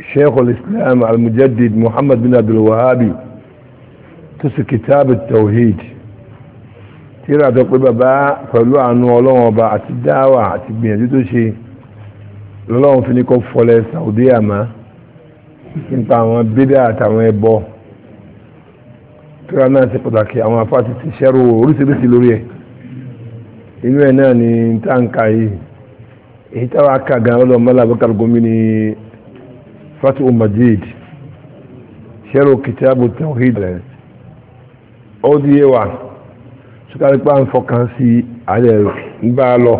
شيخ الإسلام المجدد محمد بن عبد الوهاب تس كتاب التوحيد ترى تقول بابا فلو عنو الله وبا الدعوة تبين جدو شيء لله في نيكو فولي سعودية ما nípa àwọn bídẹ́ àtàwọn ẹbọ tíra náà ti pàtàkì àwọn afáàtì ti ṣẹ́rù oríṣiríṣi lórí ẹ̀ inú ẹ̀ náà ni táǹkà yìí èyí táwọn akàgà ọlọ́mọlá abẹ́kàlùgómi ni fatu majid ṣẹ́rọ kìtàbù tawhid rẹ̀ ó di yé wa sukari pa ń fọkàn sí ààrẹ ń bá a lọ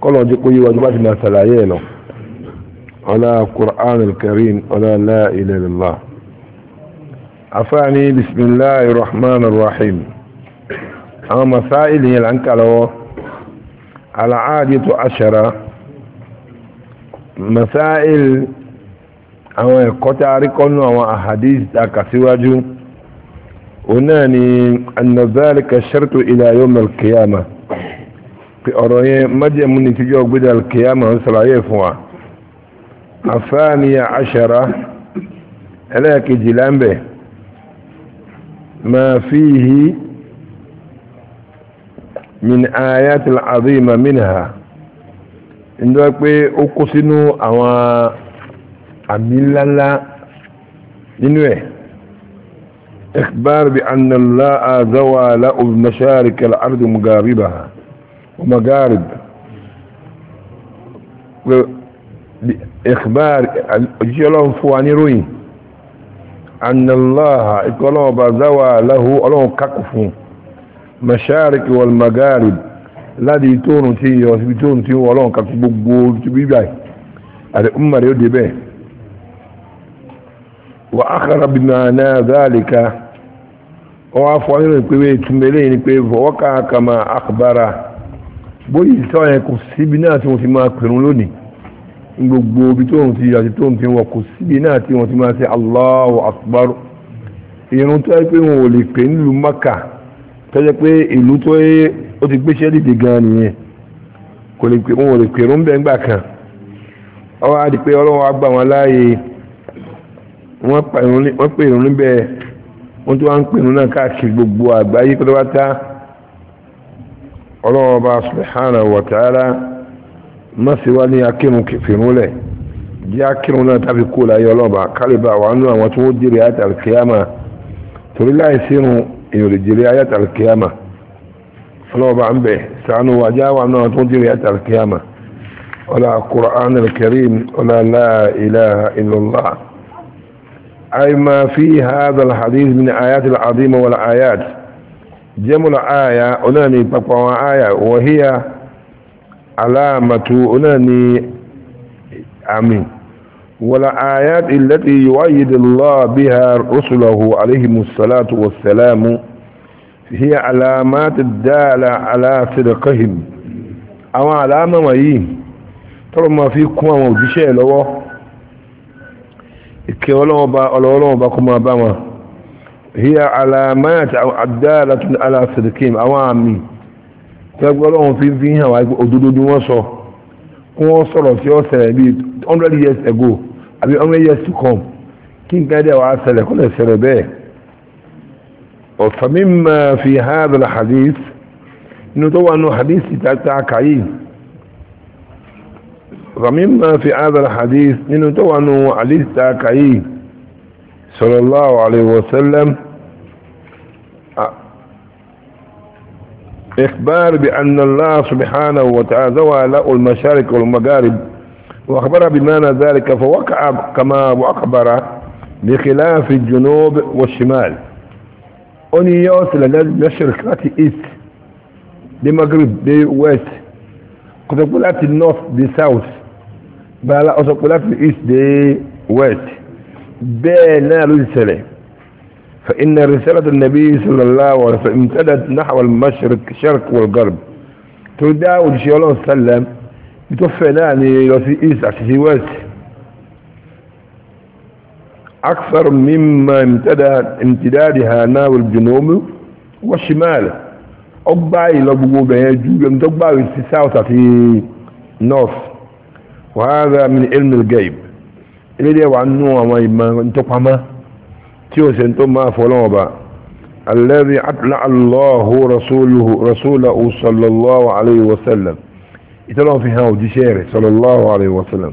kọ́lọ̀ jẹ́ kó yé wa jọba ti máa ṣàlàyé ẹ̀ lọ ọlá qur'an al-karim ọlá la ilaha illallah afáàní bisimilahi rahman rahim àwọn masáìl yẹn là ń kà lọ́wọ́ al'adiyatu ashara masáìl àwọn ẹ̀kọ́ tí a rí kọ́nú àwọn ahadis àkàsíwájú òun náà ni annazalika shartu ila yawm al-qiyamah pé ọ̀rọ̀ yẹn májẹ̀mú ni tíjọ́ gbéjà al-qiyamah ń sàlàyé fún wa afáàníyà ashara ẹlẹ́ẹ̀kejì lámbẹ̀ ma fihi min ayatil azima minha ń dọ́ pé ó kó sínú àmì ńláńlá nínú ẹ̀ إخبار بأن الله زوى له مشارك الأرض مغاربها ومغارب إخبار جلهم فواني روي أن الله إقلوب زوى له ألوه ككف مشارك والمغارب الذي تون تي وسبتون تي ولون ككبوب تبيباي هذا أمر يدي به وأخر بمعنى ذلك وعفوا عنه كوي تملين كوي فوقع كما أخبر بوي سوى kò síbi náà tí wọ́n ti máa pẹ̀rún lónìí gbogbo ibi tó ń ti àti tó ń ti wọ̀ kò síbi náà tí wọ́n ti máa ṣe Allahu Akbar irun tó yẹ pé wọn ò lè pè nílùú Maka tó yẹ pé ìlú tó yẹ ó ti gbéṣẹ́ dìde gan nìyẹn kò lè pè wọn ò lè pè wọ́n pè irun níbẹ̀ wọ́n tó wá ń pè irun náà káàkiri gbogbo àgbáyé pátápátá ọlọ́wọ́ bá subhanahu wa ta'ala má sì wá ní akírun fìrún lẹ̀ jẹ́ akírun náà tàbí kó láyé ọlọ́ba kálíbà wà nínú àwọn tí wọ́n jèrè ayat al torí láì sírun èèyàn lè jèrè ayat al ọlọ́ba ń bẹ̀ sànù wájà wà nínú àwọn tí wọ́n jèrè ayat al-qiyama ọlá Qur'an al-karim ọlá la أي ما في هذا الحديث من آيات العظيمة والآيات جمع آية أناني بقوة آية وهي علامة أناني آمين والآيات التي يؤيد الله بها رسله عليهم الصلاة والسلام هي علامات الدالة على صدقهم أو علامة ما ترى ما في كما موجشه لوه ìkẹ́ ọlọ́wọ́n bá kó máa bá wọn hiya alamayat adalatun ala sadiqim àwọn àmì tẹ́gbẹ́ ọlọ́wọ́n fi fi hàn wá òdodo wọ́n sọ kí wọ́n sọ̀rọ̀ sí ọ̀sẹ̀ bíi hundred years ago àbí hundred years to come kí nǹkan dẹ̀ wàá ṣẹlẹ̀ kó lè ṣẹlẹ̀ bẹ́ẹ̀ ọ̀sán mímọ́ fi hàn hadith inú tó wà nù hadith ìtàkà kàyé ومما في هذا الحديث من توانو علي التاكعي صلى الله عليه وسلم إخبار بأن الله سبحانه وتعالى له المشارق والمغارب وأخبر بمعنى ذلك فوقع كما وأخبر بخلاف الجنوب والشمال أني يوصل المشرق لاتي إيست دي مغرب دي ويست كنت أقول لاتي دي ساوث bala ọsọ pé láti east dé west bẹ́ẹ̀ náà ló ti ṣẹlẹ̀ فإن رسالة النبي صلى الله عليه وسلم امتدت نحو المشرق شرق والغرب تداول شيء الله وسلم يتوفى ناني لو في إيس عشي ويس أكثر مما امتدى امتدادها ناو الجنوب والشمال أبعي لبقوا بيجو يمتبعوا في ساوث في نورث وهذا من علم الغيب إلي دي وعنوه وما انتقم تيوس انتم ما فولوبا الذي أطلع الله رسوله رسوله صلى الله عليه وسلم يتلو في هاو دي صلى الله عليه وسلم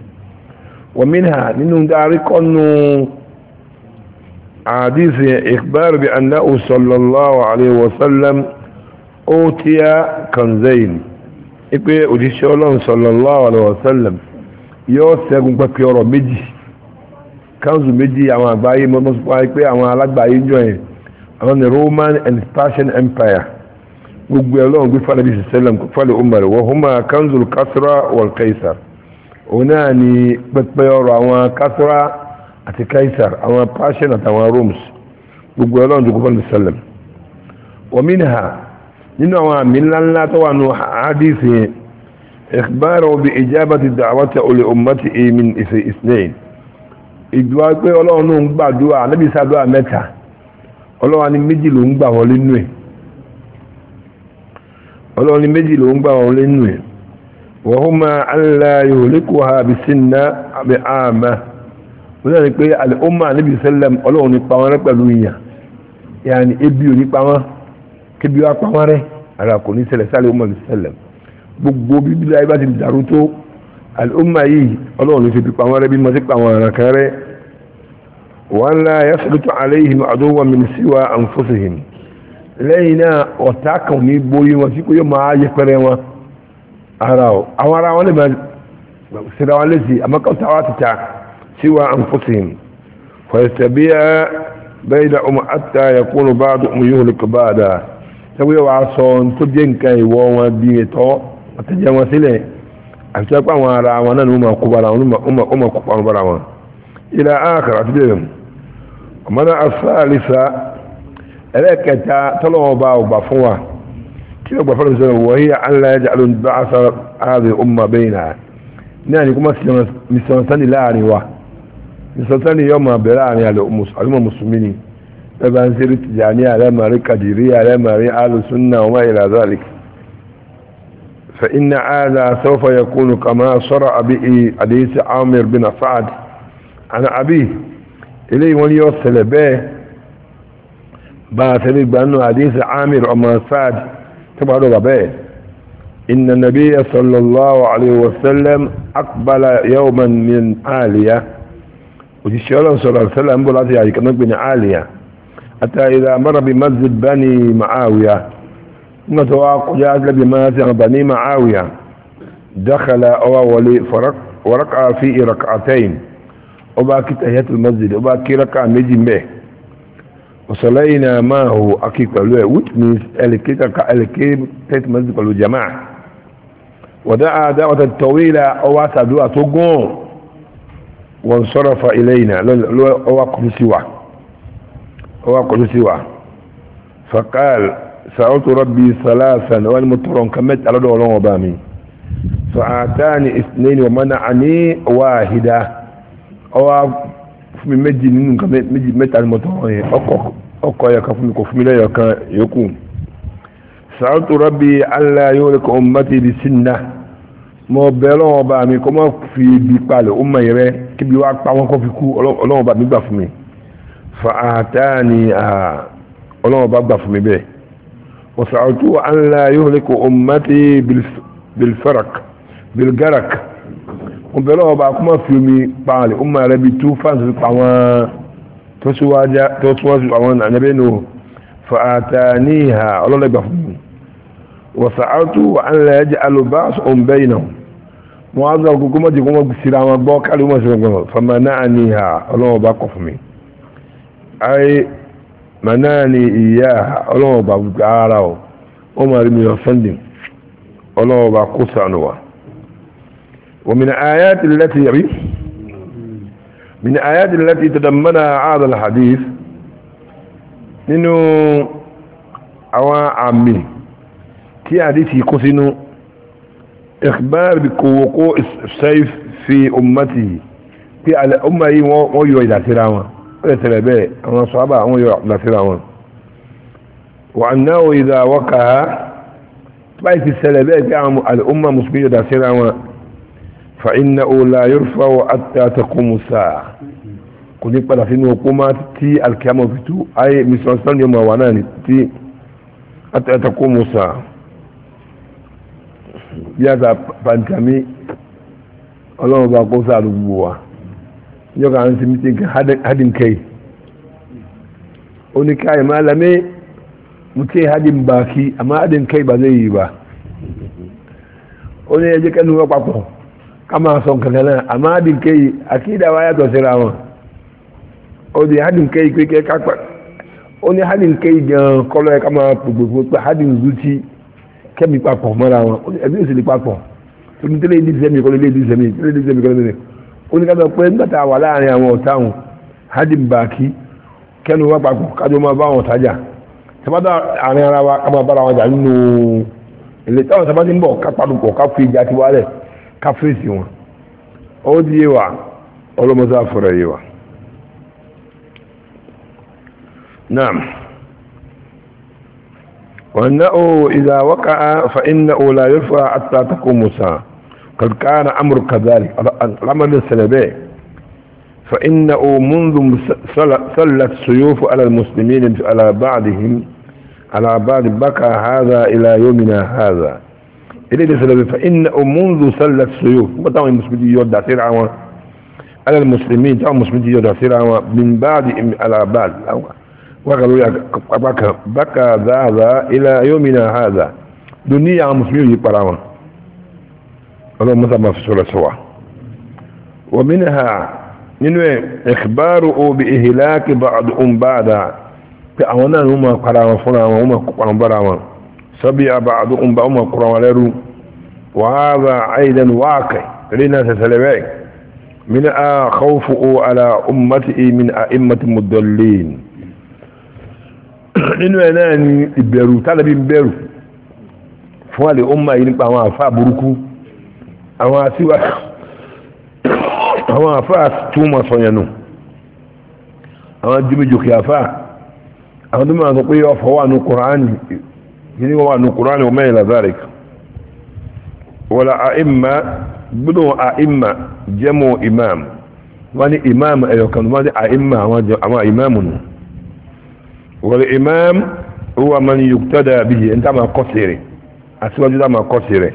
ومنها منهم دارك أنه حديث إخبار بأنه صلى الله عليه وسلم أوتي كنزين إبقى أجيش الله صلى الله عليه وسلم yọ sẹ́gun pẹ́pẹ́ ọ̀rọ̀ méjì kanzu méjì àwọn àgbáyé mọ́tòsípa pé àwọn alágbàáyé jọ yẹn àwọn Roman and Persian Empire gbogbo ẹ̀ lọ́wọ́n gbé fàlẹ́ bíi sẹ́lẹ̀m fàlẹ́ Umar wọ́n huma kanzu kasra wal kaisar òun náà ni pẹ́pẹ́ ọ̀rọ̀ àwọn kasra àti kaisar àwọn Persian àtàwọn gbogbo ẹ̀ lọ́wọ́n fàlẹ́ wọ́n nínú àwọn àmì ńláńlá tó wà nù yẹn إخباره بإجابة دعوته لأمته من اثنين ìdúwà pé ọlọ́run ló ń gbàdúrà anábì sàdúrà mẹ́ta ọlọ́run ni méjì ló ń gbà wọlé nù ẹ̀ ọlọ́run ni méjì ló ń gbà wọlé nù ẹ̀ wọ́húnmá aláyò lékò ha bí sínú àbẹ̀ àmà wọ́n ní pé alẹ́ọ́mà anábì sẹ́lẹ̀m ọlọ́run ní pa wọ́n rẹ́ pẹ̀lú ìyàn yàní ebi ò ní pa wọ́n kébi wá pa wọ́n rẹ́ ara kò ní ṣẹlẹ̀ sálẹ̀ ọmọ sẹ́lẹ̀m gbogbo bíbélì ayé bá ti dàrú tó àlùmà yìí ọlọ́run ló fi pípa wọn rẹ bí mo ti pa wọn rẹ̀ kan rẹ̀ wọn la yaslutu alayhim aduwwan min siwa anfusihim lẹ́yìn náà ọ̀tá kan ní borí wọn tí kò yóò máa yẹpẹrẹ wọn ara o àwọn ara wọn lè máa sira wọn létí àmọ́kọ́ta wa ti ta siwa anfusihim fẹ̀sẹ̀bíyà bẹ́ẹ̀ dà ọmọ àtà yakunu ba'du ọmọ yóò lè kọ́ bá a dà sẹ́wọ́n yóò wá sọ tó jẹ́ nǹkan ìwọ wọn bí ètò àtẹ̀jẹ́ wọn sílẹ̀ àti pé àwọn ara wọn náà ni wọ́n máa kó bara wọn wọ́n máa kó parun bara wọn ilà áàkàrà àti bẹ́ẹ̀ ọmọdé asáàlìsà ẹlẹ́kẹta tọ́lọ́wọ́ bá ọgbà fún wa kí ló gbà fọ́lọ́ sọ́nà wọ́n yíya an la yaj'ala ba'sa hadhihi umma baynana náà ni kó má misansani láàrin wa misansani yóò máa bẹ̀rẹ̀ àárín àlùmọ̀ mùsùlùmí ni bẹ́ẹ̀ bá ń ṣe rí tìjànìyà lẹ́mọ̀rí kàdìríyà lẹ́mọ̀rí alùsùn náà wọ́n máa yẹ فإن هذا سوف يكون كما شرع به حديث عامر بن سعد عن أبيه إليه وليوصل به باتريك بأنه حديث عامر بن سعد تبعد به إن النبي صلى الله عليه وسلم أقبل يوما من عالية وجيش الله صلى الله عليه وسلم بلاتي عليك بن عالية حتى إذا مر بمسجد بني معاوية نتوا قجاز لبي مازع بني معاوية دخل أو ولي فرق ورقع في ركعتين أباك تهيات المسجد أباك ركع مجي به وصلينا ما هو أكيد قالوا which means ألكيتك ألكيت تهيات المسجد قالوا جماعة ودعا دعوة طويلة أو أسدوا تقوم وانصرف إلينا أو أقل سوا أو أقل سوا فقال سألت ربي ثلاثا والمترون كمت على دولون وبامي فآتاني اثنين ومنعني واحدة أو fúnmi méjì nínú nǹkan méjì mẹ́ta ni mo tọ́ ọ yẹn ọkọ̀ ẹ̀yọ̀ kan fún mi kò fún mi lẹ́yọ̀ kan yòókù sàrùtù rọ́bì allah yóò lè kọ́ ummati bi sinna mo bẹ ọlọ́wọ́n bá mi kó má fi ibi palẹ̀ ó mọ̀ yẹrẹ kíbi wá pa wọn kó fi kú ọlọ́wọ́n bá mi gbà fún mi fa àtàní ọlọ́wọ́n bá gbà fún mi bẹ́ẹ̀ وسعدت أن لا يهلك أمتي بالفرق بالجرك وبلغ بعكما في يومي بعلي أمة ربي توفان سبقوا تسواجا تسواجا سبقوا نبينه فآتانيها الله لك وسعدت أن لا يجعل بأس أم بينهم معذر كما جكما سلام بوك ألو ما سلام فمنعنيها الله باقف أي manani ìyá ọlọ́wọ́ bá gbogbo ara ọ̀ wọ́n máa rí mi lọ sunday ọlọ́wọ́ bá kó sànù wa ومن آيات التي يبي من آيات التي تدمنا هذا الحديث nínú àwọn àmì tí àdísì kó sínú ìkbáàrì bí kòwòkó ìsáìf fi ummati pé alẹ́ ọmọ yìí wọ́n yọ ìdàtíra wọn ẹ̀tẹ̀rẹ̀ bẹ́ẹ̀ àwọn sọ́ábà àwọn yóò àpùlàsíra wọn wà náà ìdá wọ́kà á báyìí ti ṣẹlẹ̀ bẹ́ẹ̀ pé àwọn al'umma musulmi yóò dásíra wọn fa iná ola yóò fa wa àtàtàkùn musa kò ní padà sínú okó má tí alkiyama fi tú ayé misunderstand yóò máa wà náà tí àtàtàkùn musa bí a ta pàǹtàmí ọlọ́run bá kó sáà ló gbogbo wa yau an su mitin haɗin kai Oni kayan malamai mu ce haɗin baki amma haɗin kai ba zai yi ba wani ya ji kanu wa kwakwa kama son kanana amma haɗin kai akidawa ya tausira wọn wani haɗin kai kai kakwa Oni haɗin kai gan kọlọ ya kama gbogbo haɗin zuci kẹ́mi papọ̀ mọ́ra wọn ẹbí òsèlú papọ̀ tó ní tẹ́lẹ̀ ìdí sẹ́mi kọ́lé ilé ìdí sẹ́mi tẹ́lẹ̀ ìdí sẹ́mi kọ́lé ilé ìdí sẹ́mi oníkàtà pé nígbàtà wà láàrin àwọn ọ̀táhùn hadimbaki kẹnu wá papọ̀ kájọ máa bá wọn tajà tàbátà àárín ara wa ká bára wọn jà nínú ilé táwọn tàbátà ń bọ̀ ká padùpọ̀ ìjà ti wálẹ̀ ká fèsì wọn ó di yé wa ọlọ́mọdé àfọ̀rọ̀ yé wa. naam wọnà ó ìlà wákàá fa iná ó la fa àtàtàkùn musa. قد كان أمر كذلك الأمر للسلباء فإنه منذ سلت سيوف على المسلمين على بعضهم على بعض بكى هذا إلى يومنا هذا إليه لسبب فإنه منذ سلت سيوف وطبعا المسلمين يودع سرعة على المسلمين طبعا المسلمين يودع سرعة من بعض على بعض وقالوا بكى, بكى هذا إلى يومنا هذا دنيا المسلمين يقرأون ọlọ́run mọ́sá máa fi sọ̀rọ̀ sọ wa wọ́n mi ní ha nínú ẹ̀ ẹ̀kbáàrù obi ìhìláàkì bá àdùn bá àdá pé àwọn náà wọ́n máa para wọn fúnra wọn wọ́n máa kópa wọn bára wọn sọ́bí àbá àdùn bá wọ́n máa kóra wọn lẹ́rú wàhálà àìdán wákẹ̀ rí náà sẹ̀sẹ̀lẹ̀ bẹ́ẹ̀ mi ní a kọ́fù o àlà ummati min a immati nínú ẹ̀ náà ni ìbẹ̀rù tálẹ́bí bẹ̀rù fún àlè ó máa nípa àwọn àfáà burúkú àwọn àtiwá àwọn àfáà túmọ̀ sọ̀yẹ̀nù àwọn jìmìjòkè àfáà àwọn tó máa sọ pé ọfọ̀ wà ní kùránì yìí wà ní kùránì ọmọ ìlà zarek wọ́la àìmà gbọ́dọ̀ àìmà jẹ́mọ̀ imam wọ́n ni imam ẹ̀yọ̀kan wọ́n ni àìmà àwọn imam nù wọ́la imam huwa man yuktada bihi ẹni tá máa àti wọ́n ti tá máa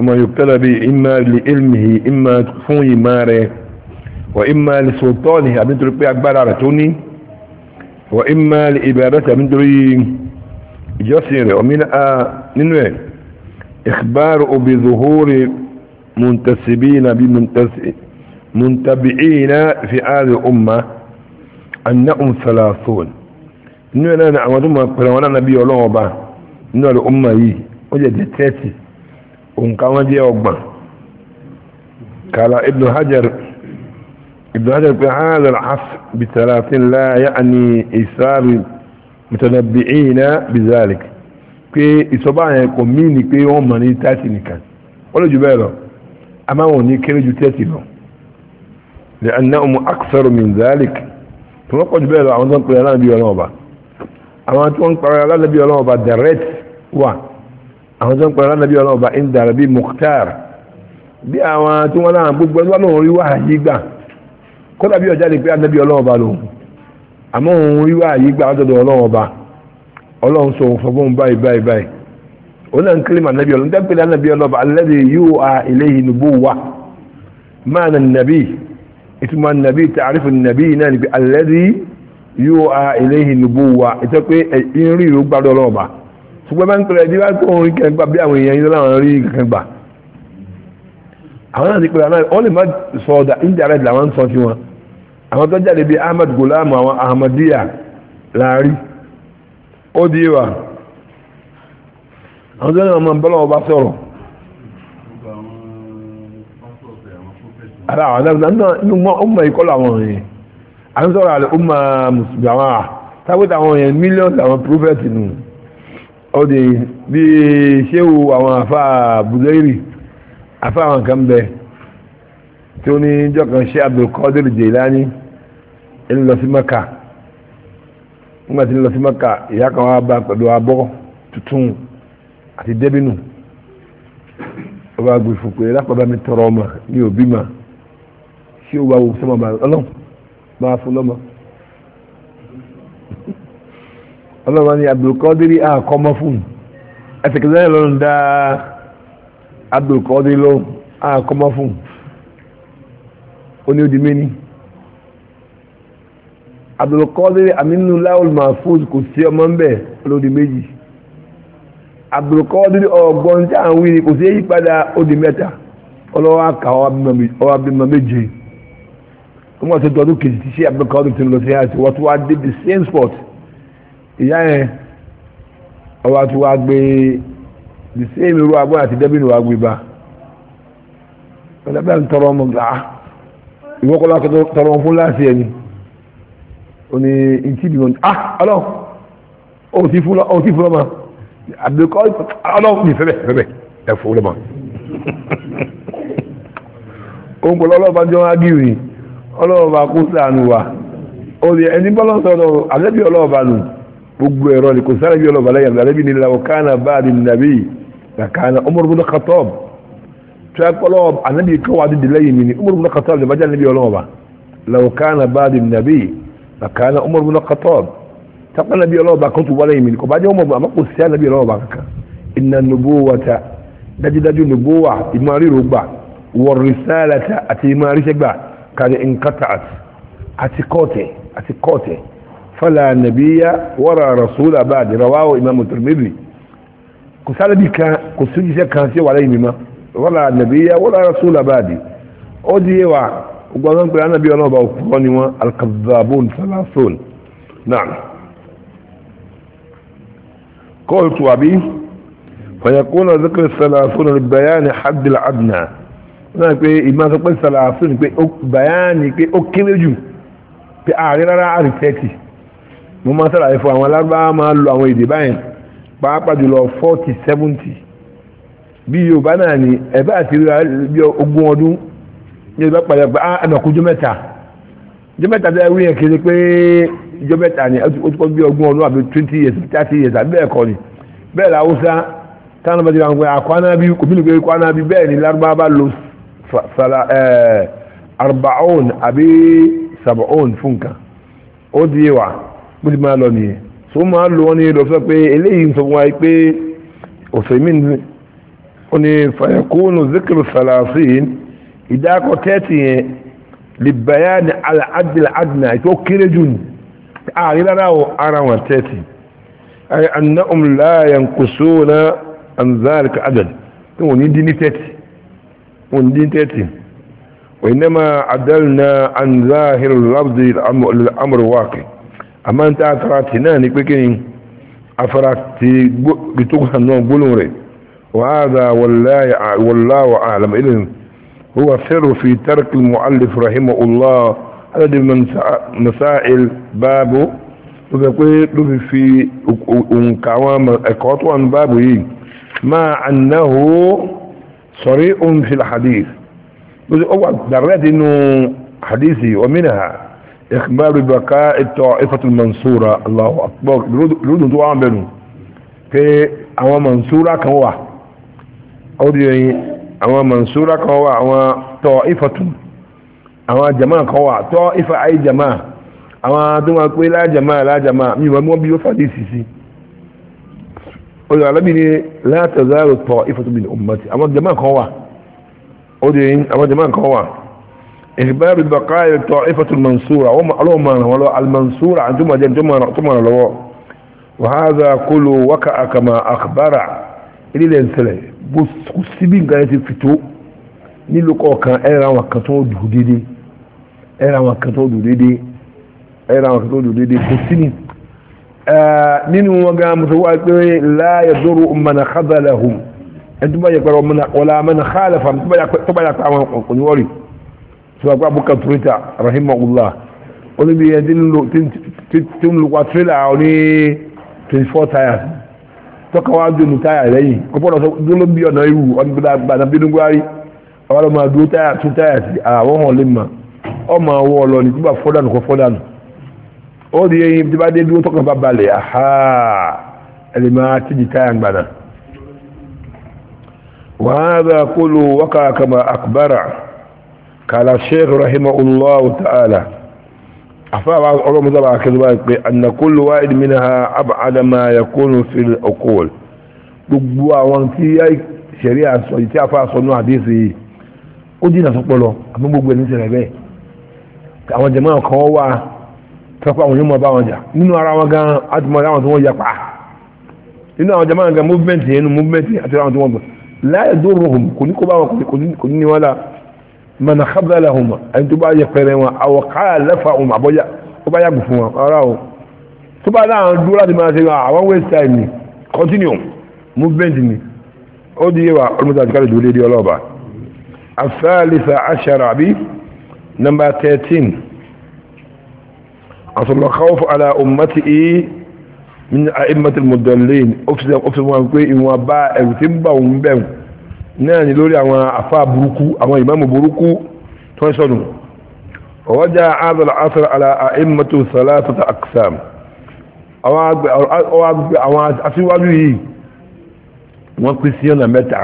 وما يبتلى به إما لعلمه إما فون ماره وإما لسلطانه أبن تريد بي أكبر على توني وإما لإبادته أبن تريد جسر ومن ننوي إخبار بظهور منتسبين بمنتبعين في هذه الأمة أنهم ثلاثون ننوي أنا أعوذ ما قلنا نبي الله وبا ننوي الأمة يي وجد 30 òǹkà wọn jẹ́ ọgbọ̀n kàlà ibn hajar ibn hajar pé hàn lọ́la haf bi talatin la ya'ni isaari mutanabbi'ina bizalik pé ìsọba yẹn kò mí ni pé wọ́n mọ̀ ní tààtì nìkan wọ́n lè jù bẹ́ẹ̀ lọ a máa wọ̀n ní kéré ju tààtì lọ لأنهم أكثر من ذلك تنقج بها لو عمدان قيلان بي ولوبا أما تنقج قيلان بي ولوبا دريت وان àwọn tó ń pẹ̀lú anábí ọlọ́ọ̀bá ń dàrà bí Mukhtar bí àwọn tí wọ́n náà gbogbo ẹgbẹ́ náà rí wáhàyí gbà kódà bí ọjà lè pé anábí ọlọ́ọ̀bá lòun àmọ́ òun rí wáhàyí gbà látọ̀dọ̀ ọlọ́ọ̀bá ọlọ́run sọ fún fún báyìí báyìí báyìí òun náà ń kílìm anábí ọlọ́ọ̀bá ń tẹ́pẹ̀lẹ̀ anábí ọlọ́ọ̀bá alladhi yu'a ilayhi nubuwwa ma'na nàbí ìtumọ̀ nàbí ta'rifu nàbí náà ṣùgbọ́n bá ń pẹ̀lẹ̀ ẹbí wá tó ń rí kẹ́ńgbà bí àwọn èèyàn yìí láwọn rí kẹ́ńgbà àwọn náà ti pẹ̀lẹ̀ náà wọ́n má sọ ọ̀dà indirect làwọn ń sọ sí wọn àwọn tó jáde bíi Ahmad Gulam àwọn Ahmadiyya láàrí ó di wa àwọn tó náà máa ń bọ́lá ọba sọ̀rọ̀ ara àwọn náà nínú ọmọ ìkọlù àwọn yẹn à ń sọ̀rọ̀ àlẹ́ ọmọ mùsùlùmí àwọn à táwọn èèyàn mílíọ̀nù àwọn prophet nù ọdẹ bí ṣéwò àwọn àfà bùlẹ́rì àfà àwọn kan bẹ tí ó ní ìjọ kan ṣe Abdulkadir Jilani ń lọ sí Maka nígbà tí ń lọ sí Maka ìyá kan wá bá pẹ̀lú abọ́ tuntun àti dẹ́bínù ọba gbèfò pé lápapá mi tọrọ ọmọ ní òbí mà ṣéwò bá wò sọmọ bá ọlọ́run bá fún lọ́mọ. ọlọ́wọ́ ni abdulkadiri àkọ́mọ́ fún ẹsẹ̀kẹsẹ̀ lọ́rùn dá abdulkadiri lọ́rùn àkọ́mọ́ fún ó ní ó di méní abdulkadiri aminu laul mahfuz kò sí ọmọ ń bẹ̀ ló di méjì abdulkadiri ọgbọ́n tí à ń wí ni kò sí èyí padà ó di mẹ́ta ọlọ́wọ́ àkà ọwọ́ abimọ méje wọ́n ti dọ̀dún kejì tí sí abdulkadiri ti lọ sí àti wọ́n ti wá dé the same spot ìyá yẹn ọba tí wàá gbé the same irú abọ́ àti dẹ́bìnì wàá gbé bá ọ̀dàbẹ́ ń tọrọ ọmọ gbà á ìwọ́kọ́lá tọrọ fún láti ẹni ó ní ìtì ìdìbò ní ah ọlọ́run ó ti fún lọ́mọ àbíkọ́ ọlọ́run ní fẹ́bẹ̀ fẹ́bẹ̀ ẹ̀fọ́ lọ́mọ òun pẹ̀lú ọlọ́ọ̀bá jọ ágìrì ọlọ́ọ̀bá kó sàánú wa ó ní ẹni bọ́lọ́ sọ̀rọ̀ àlẹ́bí ọlọ́ọ̀bá nù gbogbo ẹ̀rọ ni kò sára bí ọlọ́ba lẹ́yìn àbí ni làwọn kánà nàbí làkánà Umar bin Khattab tí a kọ́lọ́ ànábì kọ́ wa dìde lẹ́yìn mi ni Umar bin Khattab lè bájá níbi ọlọ́ba làwọn kánà nàbí làkánà Umar bin Khattab tàbí nàbí ọlọ́ba kan tó wà lẹ́yìn mi ni kò bá jẹ́ àmọ́ kò sí ànábì ọlọ́ba kankan àti ìmọ̀ríṣẹ́ gbà kàdé nkátà àti فلا نبي ولا رسول بعد رواه امام الترمذي كسالبي كان كسجي كان سي ولا امام ولا نبي ولا رسول بعد اودي وا وغان بلا نبي ولا با كوني وا الكذابون ثلاثون نعم قلت وابي فيكون ذكر الثلاثون لبيان حد العدنى náà pé ìmọ̀ sọ pé sàlàsù ni pé bàyá ni pé ó kéré jù pé ààrẹ rárá àrùtẹ́tì mo máa sára ẹ̀fọ́ àwọn alárúbáwá máa lo àwọn èdè báyìí pàápàá jùlọ forty seventy bí yorùbá náà ni ẹ̀bá àti bí ogún ọdún yorùbá padà pé ah ànàkújọ mẹ́ta jọ mẹ́ta tẹ́ wí yẹn kiri pé jọ ni ó ti kọ́ bí ogún ọdún àbí twenty years thirty years àbí bẹ́ẹ̀ kọ́ ni bẹ́ẹ̀ la Hausa táwọn ọmọdé wọn pé àkọ́nábí kòmínú pé kọ́nábí bẹ́ẹ̀ ni lárúbáwá lo arbaon àbí sabaon fún kan ó di wa bó ti máa lọ nìyẹn so máa lo wọn ní lọ sọ pé eléyìí ń sọ fún wa pé ọ̀sẹ̀ mi ní ó ní fàyàkóònù zikiru salasin ìdákọ̀ tẹ́tì yẹn lè bàyà ní alàádìlà àdìnà tó kéré jù ní àárín rárá o ara wọn tẹ́tì ay annahum la yanqusuna an zalika adad tí wọ́n ní dín ní tẹ́tì wọ́n ní dín ní tẹ́tì وإنما عدلنا عن ظاهر الأمر واقع àmá ń tẹ́ afárá tì náà ní pé kí ni afárá ti náà gbólóhùn rẹ̀ وهذا والله أعلم إذن هو سر في ترك المؤلف رحمه الله هذا من مسائل بابه tó fẹ́ pé ló fi fi òǹkà àwọn ẹ̀kọ́ tó wà ní báàbù yìí máa annahu sarihun fil hadith ló ti ọwà dàrẹ́dì hadith yìí إخبار بقاء الطائفة المنصورة الله أكبر لود دعاء بينهم كي أما منصورة كان هو أو دي أما منصورة كان هو أما طائفة أما جماعة كان هو طائفة أي جماعة أما دون أقوي لا جماعة لا جماعة مي ومو بيو فديسي سي أولي على لا تزال الطائفة من أمتي أما جماعة كان هو أو دي أما جماعة كان هو إخبار بقايا الطائفة المنصورة اللهم ولو المنصورة عن ثم جن ثم لو وهذا كله وقع كما أخبر إلي لنسلي بس كسبين قاية الفتو nílùú kọ̀ọ̀kan ẹ̀rọ àwọn kan tó dùn dédé ẹ̀rọ àwọn kan tó dùn dédé ẹ̀rọ àwọn kan tó dùn dédé kò sí ni nínú wọn gan musu wa pé láyé dóró mana kábàlà hùm ẹ̀ tó bá yẹ pẹ̀lú wọlá mana kálàfà tó bá yà pẹ̀lú àwọn ọkùnrin wọ́rì sọ́kọ́ abúkà turita rahimahullah oníbi yẹn tí ń lu wa tirila ní twenty four tires tọ́ka wa dùn táyà lẹ́yìn kọ́pọ́ lọ́sọ dúró bí ọ̀nà irú ọ̀nà gbàdá bínú gbárí àwọn ọmọ àdúró táyà tún táyà sí àwọn hàn lè mà ọmọ àwọ̀ ọ̀lọ́ ní tí fọ́dà nù kọ́ fọ́dà nù ó di eyín tí bá dé dúró tọ́ka bá balẹ̀ àhá ẹni máa tíjì táyà gbàdá. wàhálà kó wákàkàmà àkùbárà. قال الشيخ رحمه الله تعالى أفعل الله مدبع كذبات أن كل واحد منها أبعد ما يكون في العقول gbogbo àwọn tí ṣẹ̀rí àṣọ tí a fà sọnú àdéṣe ó dínà sọpọlọ àmọ́ gbogbo ẹni ṣẹlẹ̀ bẹ́ẹ̀ àwọn jẹ̀mọ́ kan wà tọ́pọ̀ àwọn yóò bá wọn jà nínú ara wọn gan àtúmọ̀ láwọn tí wọ́n yapa nínú àwọn jẹ̀mọ́ gan movement yẹn movement àti àwọn tí wọ́n gbọ́ láyé dóòrò hùm kò ní kó bá mana xabdala huma ẹni tó bá yẹ pẹrẹ wọn àwọn káyà lẹfà wọn àbọyá ó bá yàgò fún wọn ara o tó bá dáhùn dúró láti máa ṣe ah, àwọn waste time ni continue movement ni ó di yé wa ọlọmọdé àti káyọ̀ dúró lédi ọlọ́ọ̀bà afẹ́àlìfẹ́ aṣara àbí nọmba thirteen asọlọkawọfọ ala ummati i min a imatil mudallin ó fi wọn pé ìwọn bá ẹrù tí ń bá òun bẹ́ẹ̀ náà ni lórí àwọn afá burúkú àwọn ìmáàmù burúkú tó ń sọnù ọwọ́jà azọ̀lá asọ̀rọ̀ ala àìmọ́tò sàlátọ̀tà aksam àwọn aṣíwájú yìí wọ́n pín sí ọ̀nà mẹ́ta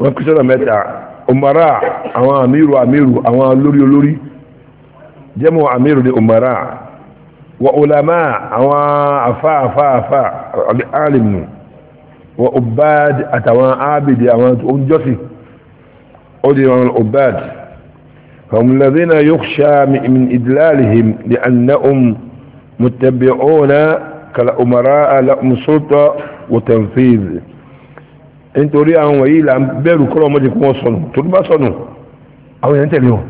wọ́n pín sí ọ̀nà mẹ́ta umara àwọn amíru amíru àwọn olórí olórí jẹ́mọ̀ amíru ni wa ulama àwọn afá afá afá alimu وعباد اتوان عابد يعملت انجفي اذن العباد هم الذين يخشى من ادلالهم لانهم متبعون كالامراء لهم سلطة وتنفيذ انت ريان ويلا بيرو كل ما جيك موصنو تلبا صنو او انت اليوم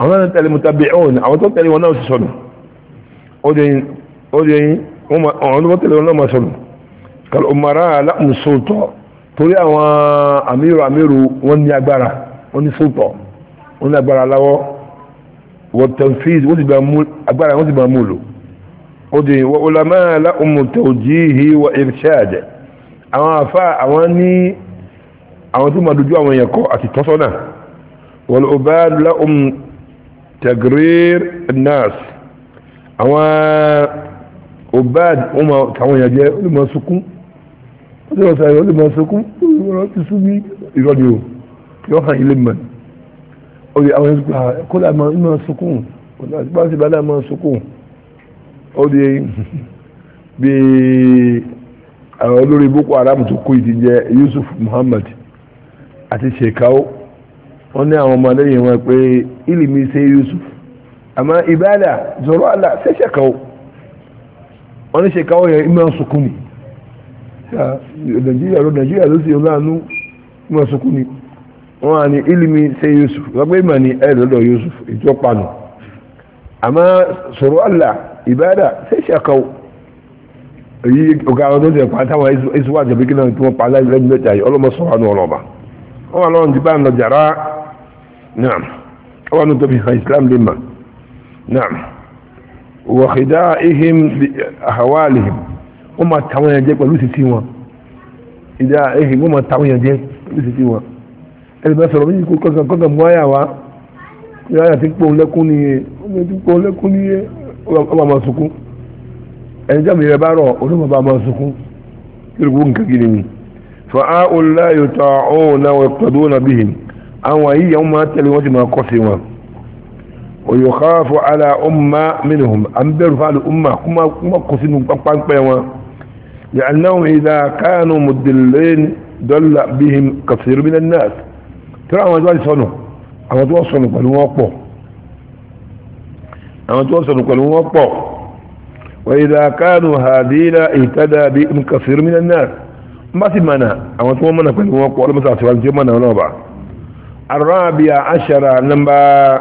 او انت اللي متبعون او انت اللي وناو سنو اذن اذن هم اعلمت اللي وناو ما صنو kàlùmọ̀rá láàmù sóòtọ̀ torí àwọn àmírò àmírò wọ́n ní agbára wọ́n ní sóòtọ̀ wọ́n ní agbára láwọ́ wọ́tẹ̀fíìsì wọ́n ti bá mú lò ó di ọlámà láàmù tawjihi wa irshad àwọn afá àwọn ní àwọn tó máa dojú àwọn èèyàn kọ àti tọ́sọ́nà wọ́n ọba láàmù tagrir nas àwọn ọba àwọn èèyàn jẹ́ olùmọ̀ sunkún ọjọ́ ọ̀sẹ̀ ayọ̀ lè máa sọkún ọ̀rọ̀ ti sún ní irọ́ ni o yọ hàn ilé mọ̀ oye àwọn ẹni gbà kódà máa sọkún kódà tí bá ń sèbá náà máa sọkún ọdẹ bí àwọn olórí boko haram tó kó ìdí jẹ Yusuf Muhammad àti Shekau wọn ní àwọn ọmọ wọn pé ìlìmí ṣe Yusuf àmọ́ ìbáàdà zọrọ àlà ṣẹṣẹ kàó wọn ní Shekau yẹn ìmọ̀ sọkún ni nàìjíríà ló nàìjíríà ló sì yọ láàánú ní wọn sunkún ni wọn à ní ilimi ṣe yusuf lọgbẹ ìmọ̀ ni ẹ lọ́dọ̀ yusuf ìjọpanu àmọ́ sọ̀rọ̀ àlà ìbáàdà ṣe é ṣàkàwọ́ èyí ọ̀gá ọdún tó ṣe pa táwọn ìṣúwà àjẹbí kí náà tí wọ́n pa lẹ́yìn mẹ́ta yìí ọlọ́mọ sọ̀rọ̀ àánú ọlọ́ba wọn wà lọ́wọ́n ti bá jàrá náà wọn wà tó hàn islam lè mà náà wọ̀hídá ihim ahawalihim wọ́n máa tàwọn èèyàn jẹ pẹ̀lú ìsìsí wọn ìdá ehì wọ́n máa tàwọn èèyàn jẹ pẹ̀lú ìsìsí wọn ẹni bá sọ̀rọ̀ méjì kọ́kàn kọ́kàn mú àyà wá ní àyà tí ń pọ̀ lẹ́kún ní iye ọmọ tí ń pọ̀ lẹ́kún ní iye ọba máa sunkún ẹni jáàmù yẹn bá rọ̀ onímọ̀ bá máa sunkún kí ló nǹkan kiri ni. fa'a olá yòtọ̀ ọ̀hún náà wọ́n pẹ̀lú ọ̀nà bíhìn àwọn yìí yẹn máa tẹ̀lé wọ́n ti máa kọ́ sí wọn. òyòkáfọ́ alá ọmọ mìíràn à ń bẹ̀rù fáàlì ọmọ kó má kó sínú pápá wọn. لأنهم إذا كانوا مدلين دل بهم كثير من الناس ترى ما جوال صنو أما صنو قالوا وقبوا أما صنو قالوا وقبوا وإذا كانوا هادين اهتدى بهم كثير من الناس ما تمنى أما منا قالوا وقبوا ولا مساعد سوال تمنى ولا بعض الرابع عشر نمبر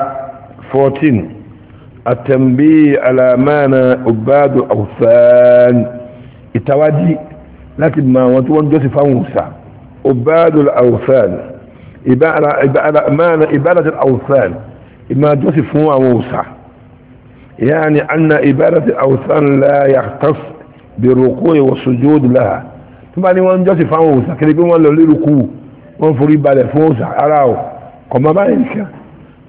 فورتين التنبيه على مانا عباد الأوثان ìtawádìí láti mọ àwọn tí wọ́n jọ́sí fáwọn òsà ubadul awsan ibadatul awsan ìmọ̀ jọ́sí fún àwọn òsà يعني أن إبادة الأوثان لا يختص بالركوع والسجود لها ثم أني وان جاسي فانوسا كليبين وان لولي ركوع وان فري بالي فوسا أراو كما ما يلك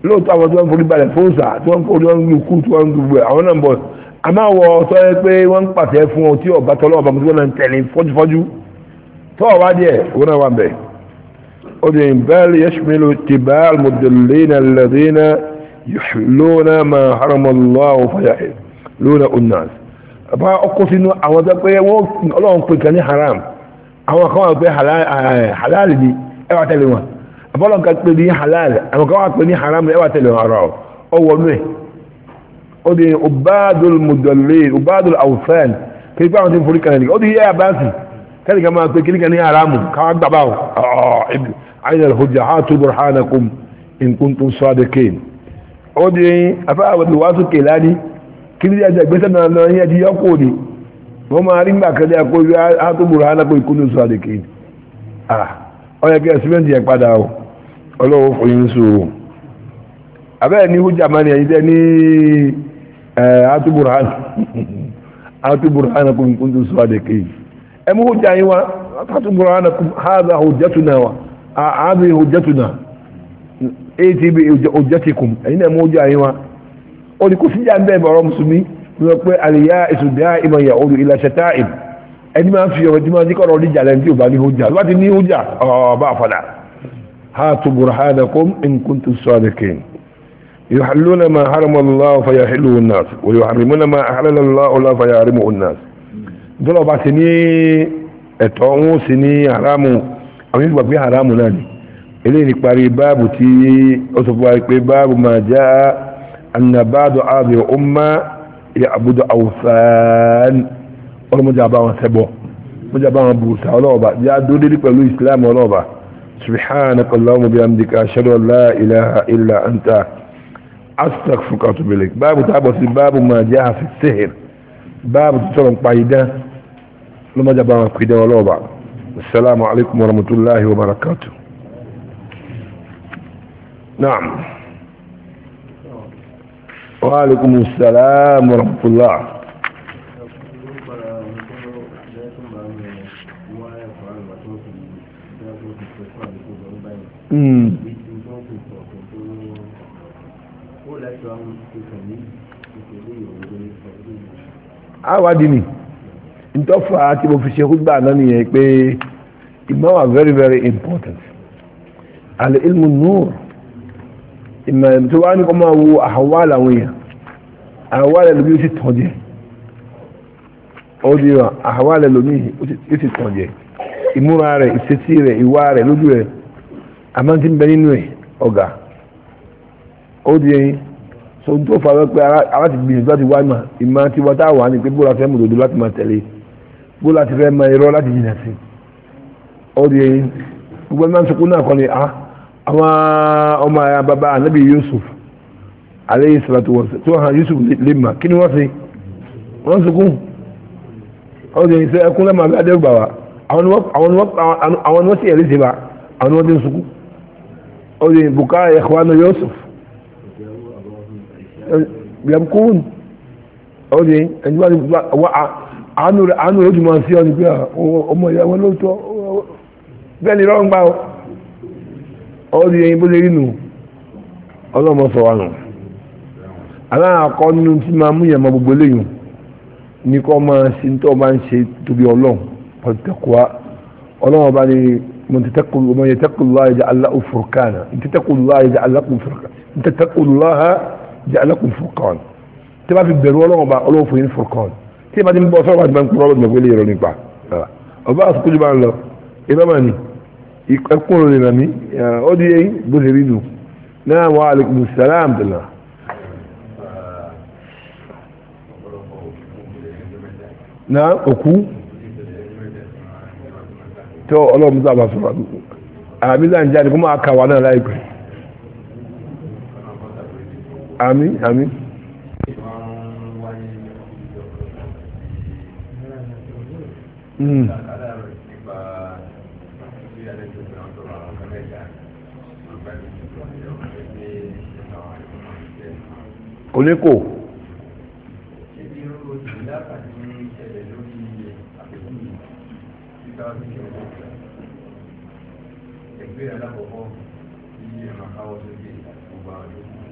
لو تعود وان فري بالي فوسا وان فري وان ركوع وان دبوع وان نبوت a máa wọ ọ̀tọ́ yẹ pé wọ́n ń pàṣẹ fún ọ tí ọba tọ́lọ́ ọba mọ́tò náà ń tẹ̀lé fọ́júfọ́jú tó ọ̀wá díẹ̀ òun náà wà ń bẹ̀. ó di bẹ́ẹ̀lì yẹ́sùmílò ti bá almudallina alladhina lónà máa haramallahu fàyà lónà unnas. àbá ọkọ̀ sínú àwọn tó pé wọ́n ọlọ́run pè kan ní haram àwọn kan wà pé halal eh, ni ẹ wà tẹ̀lé wọn àbọ̀lọ́n o di ubadul mudallil ubadul awsan kí nípa àwọn tí ń forí kalẹ̀ nìkan ó di yẹ́ àbáǹsì kẹ́nìkà máa pé kíníkà ní haramu káwọn gbàgbà ah, ibi àyìnlẹ̀ al-hujja hatu burhanakum in kuntum sadiqin ó di afẹ́ àwọn wàásù kèlá ní kí di in hujja àti burhan àti burhan kun kuntu sadiqin ẹ mú hujja yín wa àti burhan kun hadha hujjatuna wa àádọ́ hujjatuna atb hujjatikum ẹ̀yin náà mú hujja yín wa ó ní kò sí jà ń bẹ́ẹ̀ bọ̀rọ̀ mùsùlùmí ní wọ́n pé àríyá èso dáa ìmọ̀ ìyà olù ilẹ̀ ṣẹta ìm ẹni máa ń fi ọ̀rọ̀ jimá ní kọ̀rọ̀ níjà hujja tó bá ti hujja ọ̀ bá fada ha burhanakum in kuntu sadiqin يحلون ما حرم الله فيحله الناس ويحرمون ما أحلل الله لا فيحرمه الناس dọ́là ọba ti ní ẹ̀tọ́ wọn sì ní haramu àwọn ìgbà pé haramu náà ni eléyìí ni parí báàbù tí ó sọ fún wa pé báàbù máa já anabado abi umma ya abudu awusan ọlọ́mọdé àbáwọn sẹ́bọ̀ mọ́jà báwọn bùrùsà ọlọ́ọ̀bà já dúdé pẹ̀lú islam ọlọ́ọ̀bà subhanakallahumma bihamdika ashhadu an la ilaha illa anta أستغفرك وأتوب إليك باب تعبس باب ما جاء في السحر باب تسلم قايدة لما جاء باب قيدة ولوبا السلام عليكم ورحمة الله وبركاته نعم وعليكم السلام ورحمة الله امم àwádìí ni ntọ́fà tí mo fi ṣe kúgbà náà nìyẹn pé ìmọ̀ wà very very important àlè ilmu nur ìmọ̀ tó wá ní kọ́ máa wo àhàwà làwọn èèyàn àhàwà rẹ̀ lómi ó sì tàn jẹ́ ó di wọn àhàwà rẹ̀ lómi ó sì tàn jẹ́ ìmúra rẹ̀ ìṣesí rẹ̀ ìwà rẹ̀ lójú rẹ̀ àmọ́ tí ń bẹ nínú ó di ẹyin so tó fà wẹ́ pé ara ti gbìyànjú láti wá ìmọ̀ ìmọ̀ tí wọ́n tá a wà ní pé bó la fẹ́ mú òdodo láti máa tẹ̀lé bó la ti fẹ́ mọ irọ́ láti jìnà sí ó di ẹyin gbogbo ẹni máa ń sọkún náà kọ́ ni a ah, àwọn ọmọ ara bàbá anabi Yusuf aleyhi salatu wọn tó hàn Yusuf lè mà kí ni wọ́n ṣe wọ́n sọkún ó di ẹyin sẹ ẹkún lẹ́mọ̀ abẹ́ adẹ́rù bàbá àwọn ni wọ́n sì ẹ̀rí sí wa àwọn ni wọ́n ti ń sọkún ó di bùkà ẹ̀kọ́ àná Yusuf. yamkun ọdẹ ẹni bá àánú rẹ̀ jùmọ̀ sí ọ pé ọmọ ìyá wọn ló bẹ́ẹ̀ ni ọ ọdẹ ẹyin bó lè rí nù ọlọ́mọ sọ wa nù aláàkọ́ nínú tí máa mú yẹmọ gbogbo lẹ́yìn ní kọ́ máa ṣe ń tọ́ máa ń ṣe tóbi ọlọ́run pàtàkùwá ọlọ́run ọba ni ja'alakum furqan tí a bá fi bẹ̀rù ọlọ́wọ́ bá ọlọ́wọ́ fún yín furqan tí a bá ti ń bọ́ sọ́wọ́ àti bá ń kúrọ́ lọ́dún mẹ́gbẹ́lẹ́ yẹrọ nípa ọba àsìkò jù bá ń lọ ìbá mà ní ẹkún rẹ̀ nà mí ó di yẹn bó ṣe rí nù náà wa alaikum salam dìlà. na òkú tó ọlọ́run sábà sọ̀rọ̀ àmì náà ń kó máa kà wá náà láìpẹ́ àmì àmì. Hmm. oníkò. Ẹgbẹ́ alákọ̀ọ́kọ́ ní ẹ̀ma káwọ́ sókè àti gbogbo ọdún.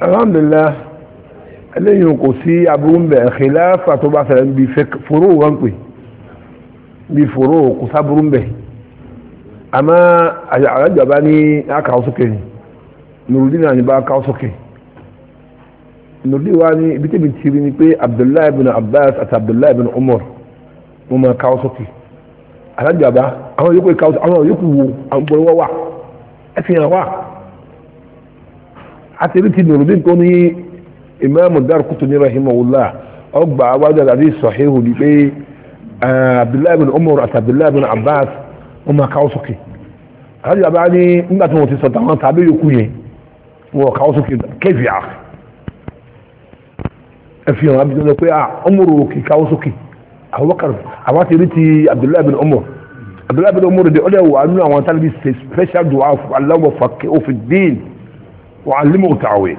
alhamdulillah eléyìn kò sí aburú bẹ̀ khilafa tó bá fẹ̀rẹ̀ bí fòró wọn pè bí fòró kò sáburú bẹ̀ àmá àjọba ní akáwọ́ sókè ni nùrùdí náà ní bá akáwọ́ sókè nùrùdí wa ní ibi tí mi ti rí ni pé abdullahi bin abbas àti abdullahi bin umar mo máa káwọ́ sókè alájọba àwọn yòókù wo àwọn bọ̀rọ̀ wá ẹ fi hàn wá àtẹ̀rí ti nùrù dín tó ní ìmáàmù Daraqutni rahimahullah ọgbà wájú àdàdí sọ̀híhù ni pé eh, abdullahi bin umar àti abdullahi bin abbas wọn máa káwọ́ sókè àti bàbá ní nígbà tí wọn ti sọ táwọn tàbí yòókù yẹn wọn káwọ́ sókè kẹfì à ẹfì hàn àbí sọ pé à ah, ọmọrò kì káwọ́ sókè àwọn kan àwọn àtẹ̀rí ti abdullahi bin umar abdullahi bin umar de ọdẹ wà nínú àwọn tálíbi special dua fún aláwọ̀ òfin dín. وعلمه التعويل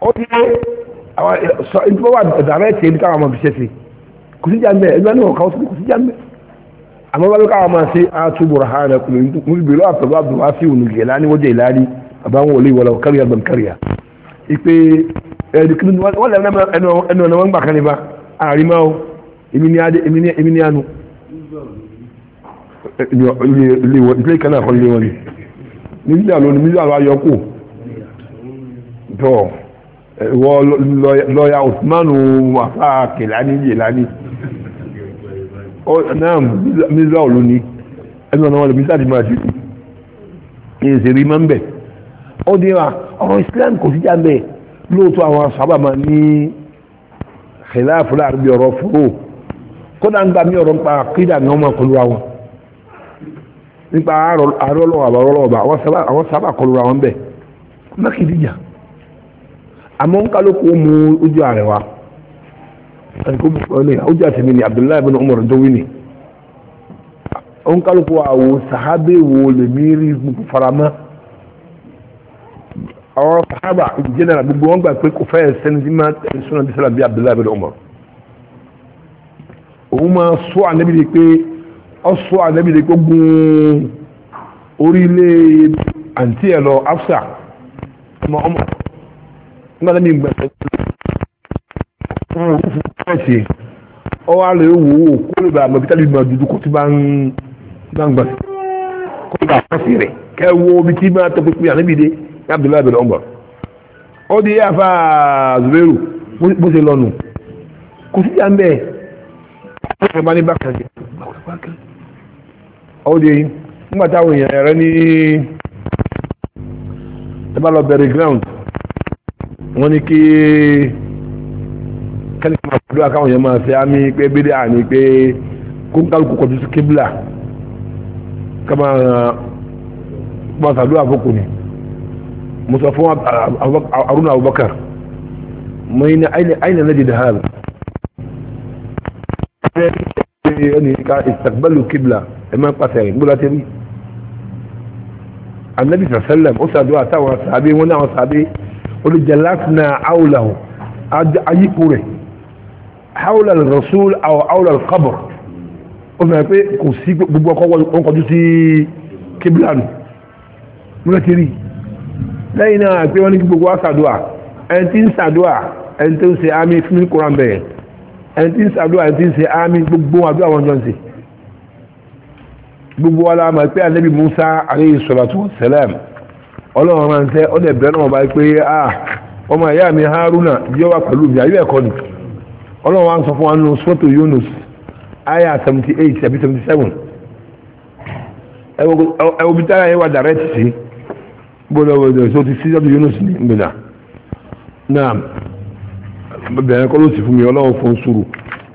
قلت انت بقى دعمات يبي تعمل بشكل كنت جنب انا هو خلاص كنت جنب اما بقى لك ما سي اتو برهانكم مش بيلو ابو عبد الواسي والجيلاني وجيلاني ابان ولي ولو كريا بن كريا ipe ẹ̀dùkú wọ́n lẹ́nu ẹnu ọ̀nà wọn gbà kan ní bá àrímá o èmi ní adé èmi ní àánú ilé ìkan náà kọ́ ilé wọn rí nígbà lónìí mílíọ̀nù ayọ́kù tọ́ ìwọ lọ́yà Usman wàfà kìlání yìlání náà mísà òlú ni ẹnu ọ̀nà wọn lè mísà ti máa ṣe èyí sì rí máa ń bẹ̀ ó dé wa ọ̀rọ̀ Islam kò síjà ń bẹ̀ lóòótọ́ àwọn sábà máa ní khilafu láàrin bí ọ̀rọ̀ fúró kódà ń gba mí ọ̀rọ̀ nípa kídà ní ọmọ kọlu àwọn nípa àárọ̀ lọ́wọ́ àbárọ̀ lọ́wọ́ àwọn sábà kọlu àwọn bẹ̀ mákìdíjà àmọ́ ń kálukú mú ojú ààrẹ wa ojú àtẹ̀mí ni Abdullahi bin Umar dọ́wí ni ń kálukú àwọ̀ sàhábé wo lè mí rí faramọ́ àwọn sàhábà jẹ́nà gbogbo wọn gbà pé kò fẹ́ sẹ́ni tí máa tẹ̀lé sọ́nà bí sọ́nà bí Abdullahi bin Umar òun máa sọ ànábì ni pé ọ sọ ànábì ni pé gun orílẹ̀ àǹtí ẹ̀ lọ Afsa ọmọ ọmọ nígbàtí mi gbà pé wọn ò fún pẹ́ẹ̀sì ọwọ́ àlọ́ ewu owó kó lè bá àmọ́ bí tálíbì máa dúdú kó tí bá ń gbà sí kó lè bá pẹ́ẹ̀sì rẹ̀ kẹ́ wo omi tí máa tọ́ pípé ànábìdé Abdullahi abdullahi ọgbà ó di afa Zubairu bó ṣe lọ́nu kò sí ìyá ń bẹ́ẹ̀ ó ṣe bá ní bákan jẹ ó di nígbà táwọn rẹ ní ẹ bá lọ bẹ̀rẹ̀ ground wọ́n ní kí kẹ́lẹ́kì máa fọdọ́ àkáwọn yẹn máa ṣe á ní pé bídé àní pé kóńkálukú kọjú sí kébìlà ká máa máa ṣàdúrà àfọkù ni mo sọ fún Haruna Abubakar mo ní àyìnlá náà di dàhálà ẹni ká ìsàgbàlù kébìlà ẹ máa pàṣẹ rẹ̀ gbọ́dọ̀ tẹ́lẹ̀ anabi sàlẹ̀ ó ṣàdúrà táwọn sàbí wọn náà sàbí olùjẹ̀lásínà àwòlàwò ayípo rẹ̀ àwòlà rasul àwòlà kábọ̀ ó fẹ́ pé kò sí gbogbo ọkọ̀ wọn kọjú sí kíblánù múlẹ̀ ti rí lẹ́yìn náà pé wọ́n ní gbogbo wa sàdúà ẹni tí ń sàdúà ẹni tó ń ṣe àmì fún mi kóra bẹ̀rẹ̀ ẹni tí ọlọ́run máa ń tẹ́ ọ́ dẹ̀ na náà báyìí pé a ọmọ ìyá mi haruna yóò wá pẹ̀lú mi àyè ẹ̀kọ́ ni ọlọ́run wa ń sọ yunus aya seventy eight àbí seventy seven ẹ̀wọ̀ bí tára yẹn wà direct sí yunus ní gbẹ̀dà náà bẹ̀rẹ̀ kọ́ ló sì fún mi ọlọ́run fún sùúrù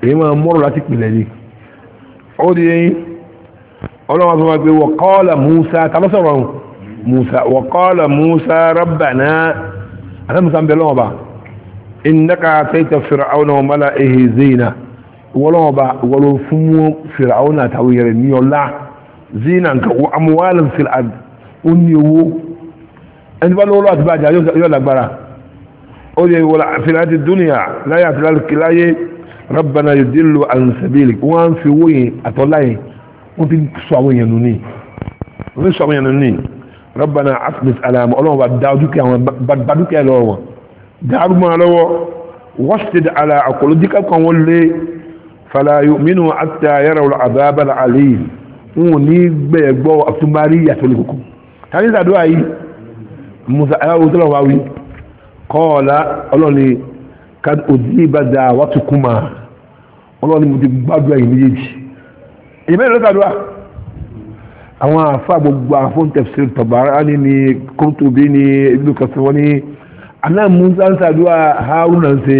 èyí máa mọ́rọ̀ láti pìlẹ̀ ni ó di ọlọ́run wa sọ fún musa wakọ́lá musa rabbana ana musa bẹ̀rẹ̀ lọ́wọ́ ba innaka ataita fir'auna wa mala'ihi zina wọ́lọ́wọ́ ba wọ́lọ́ fún fir'auna tàwọn yẹrẹ ní ọlá zina nka wa amwalan fil ard ó ní owó ẹni bá lọ́wọ́ àti bàjá yóò lágbára ó yẹ wọ́lá fil ard dúnìyà láyé àti láyé rabbana yudillu an sabilik wọ́n fi owó yẹn àtọ́lá yẹn wọ́n fi sọ àwọn èèyàn nù ní ربنا عطمس على مؤلهم داودك بدك يا لوما دعوا ما لو واشتد على عقلك كان ولي فلا يؤمنوا حتى يروا العذاب العليم وني بيغبو اتماريا تلكم تاني ذا دعاء موسى او تلواوي قال الله قد اجيب دعوتكما الله ni mo ti gbàdúrà yìí méjèèjì èyí mẹ́rin ló ṣàdúrà àwọn àfa gbogbo àfọn tafsir Tabarani ni Qurtubi ni Ibn Kathir wọn ni aná musa ń sàdúrà haruna se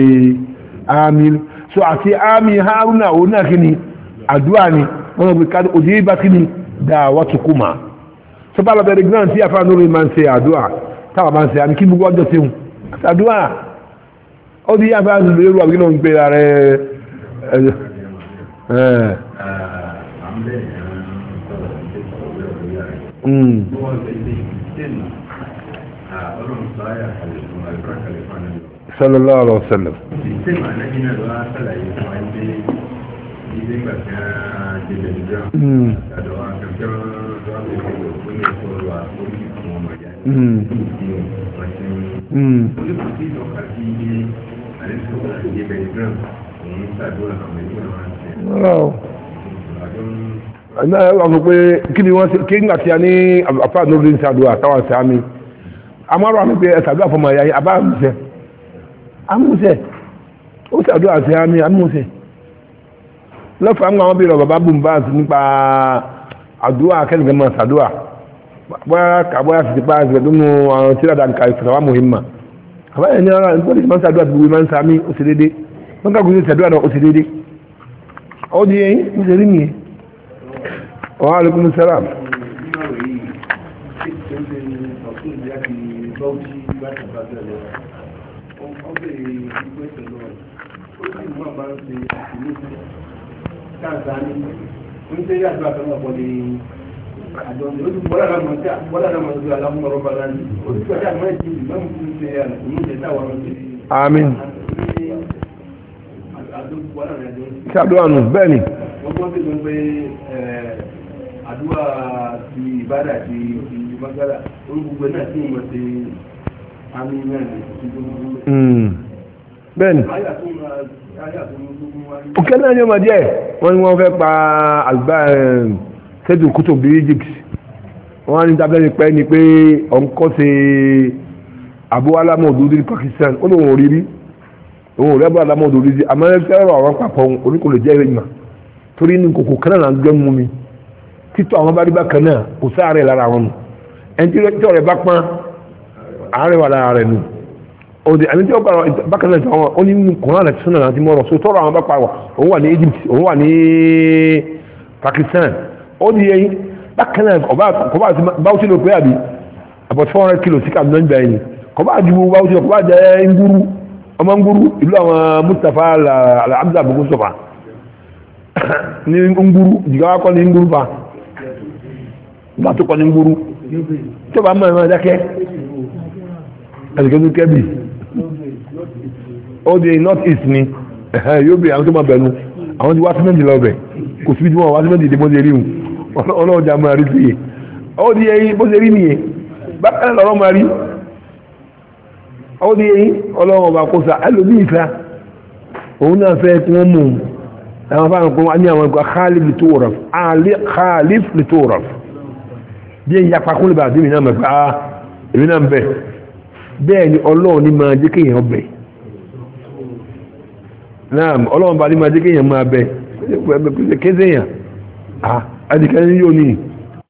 àmín so àti àmín haruna òun náà kí ni àdúrà ni wọn bẹ ká òjì bá kí ni da'watukuma sọba so gbọ́n tí àfa lórí máa ń ṣe àdúrà táwa máa ń ṣe àmì kí gbogbo ọjọ́ sẹ́wọ̀n àdúrà ó di àfa lórí àbíkí náà ń ẹ ẹ. Hmm. sallallahu alaihi wasallam Wow. Hmm. Hmm náà wọ́n sọ pé kí ni wọ́n ṣe kí nígbà tí a ní àfa lórí ìṣàdùn àtàwọn àṣà mi amárò àmì pé ẹ̀ṣàdùn àfọmọ ẹ̀yà yìí àbá àmúṣẹ àmúṣẹ ó ṣàdùn àṣà mi àmúṣẹ lọ́fà ń gbà wọ́n bèèrè bàbá bùn bá nípa àdúrà kẹ́nìkan máa ṣàdúrà bóyá kàbóyá sì ti pa àṣẹ tó mú àwọn tí ìlàdà nǹkan ìfọ̀sọ̀wá muhimma àbáyé ní ara nípa ìṣẹ́ máa ń ṣàdúrà gbogbo máa ń sami ó ṣe déédéé wọ́n kàkùn sí ṣàdúrà náà ó ṣe déédéé ó di ẹyin ó ṣe rí nìyẹn وعليكم السلام. salam Amin. Ṣàdúrà nù, bẹ́ẹ̀ ni. Wọ́n mọ́ sí gbogbo àdúrà ti ìbádà ti ìbágbádà orúkúgbẹ náà tí wọ́n ti àmì náà ní ìdúró. Hmm. bẹ́ẹ̀ni òkè náà ni ó máa díẹ̀ wọ́n ní wọ́n fẹ́ pa àgbà ṣètò kútó bí Egypt wọ́n á ní tábìlẹ́ ni pẹ́ ni pé ọ̀nkọ́ ṣe Abu Alamodu ní Pakistan ó lóun ò rí rí òun rí Abu Alamodu rí rí àmọ́ ẹgbẹ́ ọ̀rọ̀ àwọn papọ̀ oníkòlè jẹ́ ìmọ̀ torí ní kòkò kan náà gbẹ́ mú mi títọ́ àwọn bá rí bákan náà kò sáàrẹ̀ lára wọn nù ẹni tí tọ́ rẹ̀ bá pọ́n àárẹ̀ wà lára rẹ̀ nù òde àmì tí ó bá bákan náà tọ́wọ́ ó ní kùnrin àti sunan àti mọ́rọ̀ so tọ́rọ àwọn bá pa wà òun wà ní Egypt òun wà ní Pakistan ó di ẹyin bákan náà ọba kọba àti báwùsí ló pé àbí about four hundred kilos sí kàdúrà nígbà yẹn kọba àti gbogbo báwùsí ló kọba àti ẹ ń gúrú ọmọ ń gúrú ìlú àwọn Mustapha alhamdulilayi Mustapha ní ń gúrú jìgáwá kọ́ ní ń gúrú pa bá tó kọ́ ní gbúrú tó bá mọ̀ ẹ̀rọ dákẹ́ ẹ̀sìnkẹ́ tó kẹ́bì ó di north east ni yóò bèrè àwọn tó máa bẹ̀rù àwọn ti wá símẹ́ǹtì lọ bẹ̀ kò síbi tí wọ́n wá símẹ́ǹtì ìdìbò ṣe rí wù ọlọ́ọ̀jà máa rí sí i ó di ẹyin bó ṣe rí nìyẹn bákan lọ́rọ́ máa rí ó di ẹyin ọlọ́run ọba kó sa ẹlòmíì sa òun náà fẹ́ kí wọ́n mú un àwọn fáwọn kan wọ́n á ní àwọn ẹ̀kọ́ khalif lè tó rọ̀ bí ẹ yapa kó lè bá àdébì náà mẹ́fà á èmi náà ń bẹ̀ bẹ́ẹ̀ ni ọlọ́run ní máa jẹ́ kéèyàn bẹ̀ náà ọlọ́run bá ní máa jẹ́ kéèyàn máa bẹ̀ kéèyàn á àdìkẹ́ ní yóò níyì